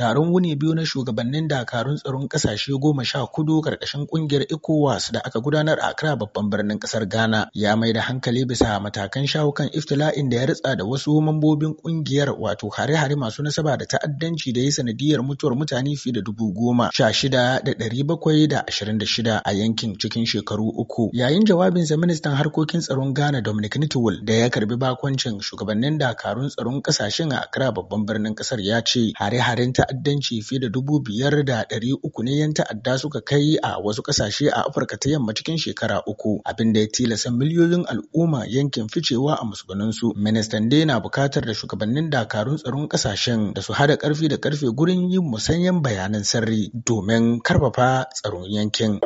Taron wuni biyu na shugabannin dakarun tsaron ƙasashe goma sha kudu ƙarƙashin ƙungiyar ECOWAS da aka gudanar a Accra babban birnin ƙasar Ghana ya mai da hankali bisa matakan shawo kan iftila'in da ya ritsa da wasu mambobin ƙungiyar wato hare-hare masu nasaba da ta'addanci da ya sanadiyar mutuwar mutane fiye da dubu goma sha shida da ɗari bakwai da ashirin da shida a yankin cikin shekaru uku. Yayin jawabinsa ministan harkokin tsaron Ghana Dominic Nitiwul da ya karbi bakoncin shugabannin dakarun tsaron ƙasashen a Accra babban birnin ƙasar ya ce hare-haren ta ta'addanci fiye da dubu biyar da ɗari uku ne yan ta'adda suka kai a wasu ƙasashe a Afirka ta yamma cikin shekara uku abin da ya tilasta miliyoyin al'umma yankin ficewa a musgunansu. Ministan dai na buƙatar da shugabannin dakarun tsaron ƙasashen da su hada ƙarfi da ƙarfe gurin yin musanyen bayanan sirri domin karfafa tsaron yankin.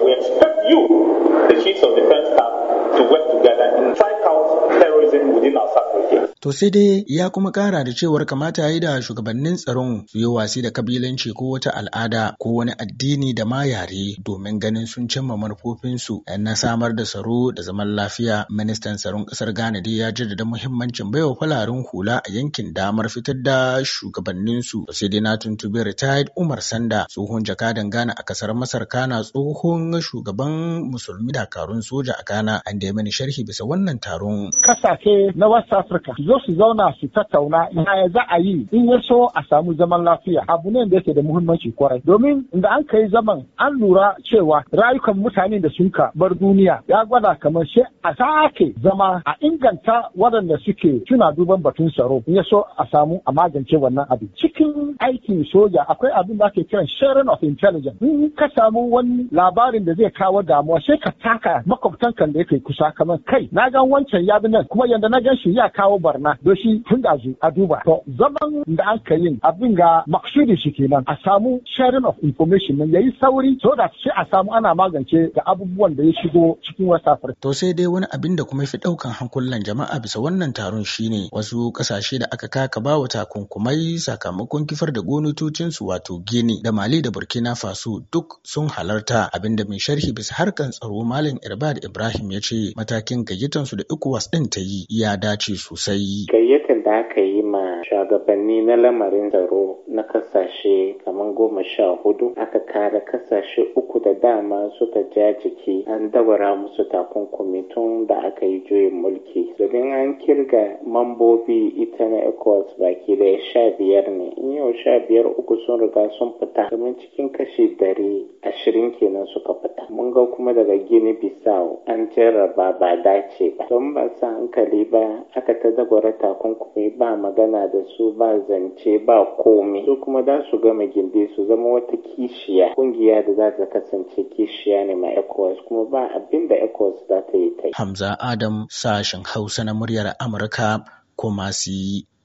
To sai dai ya kuma kara da cewar kamata ya yi da shugabannin tsaron su yi wasi da kabilanci ko wata al'ada ko wani addini da ma yare domin ganin sun cimma manufofinsu na samar da tsaro da zaman lafiya. Ministan tsaron ƙasar Ghana dai ya jaddada muhimmancin baiwa falarin hula a yankin damar fitar da shugabanninsu. Sai dai na tuntubi retired Umar Sanda tsohon jakadan Ghana a kasar Masar Kana tsohon shugaban musulmi dakarun soja a Ghana an da mini sharhi bisa wannan taron. Kasashe na West Africa zo su zauna su tattauna yaya za a yi in ya so a samu zaman lafiya abu ne da yake da muhimmanci kwarai domin da an kai zaman an lura cewa rayukan mutane da sun ka bar duniya ya gwada kamar sai a sake zama a inganta waɗanda suke suna duban batun tsaro in ya so a samu a magance wannan abin cikin aikin soja akwai abin da ake kiran sharing of intelligence in ka samu wani labarin da zai kawo damuwa sai ka taka makwabtankan da yake kusa kamar kai na gan wancan ya nan kuma yanda na gan shi ya kawo barna barna do shi tun da a duba to zaman da aka yin abin ga maksudi shi kenan a samu sharing of information yayi sauri so da shi a samu ana magance da abubuwan da ya shigo cikin West Africa to sai dai wani abin da kuma fi daukan hankulan jama'a bisa wannan taron shine wasu kasashe da aka kaka bawa takunkumai sakamakon kifar da gonatocin su wato gini da Mali da Burkina Faso duk sun halarta abinda mai sharhi bisa harkan tsaro Malam Irbad Ibrahim ya ce matakin gayyatansu da ECOWAS din ta yi ya dace sosai yi. da aka yi ma shugabanni na lamarin tsaro na kasashe kamar goma sha hudu aka kare kasashe uku da dama suka ja jiki an dabara musu takunkumi tun da aka yi juyin mulki. Domin an kirga mambobi ita na ECOWAS baki da sha biyar ne. In yau sha biyar uku sun riga sun fita domin cikin kashi dari ashirin kenan suka fita. mun ga kuma daga gini bisau an jarraba ba dace ba don ba sa hankali ba aka ta dagwara takunkumi ba magana da su ba zance ba komi su kuma za su gama gindi su zama wata kishiya kungiya da za ta kasance kishiya ne ma ecowas kuma ba abin da ecowas za ta yi ta hamza adam sashen hausa na muryar amurka kuma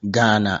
ghana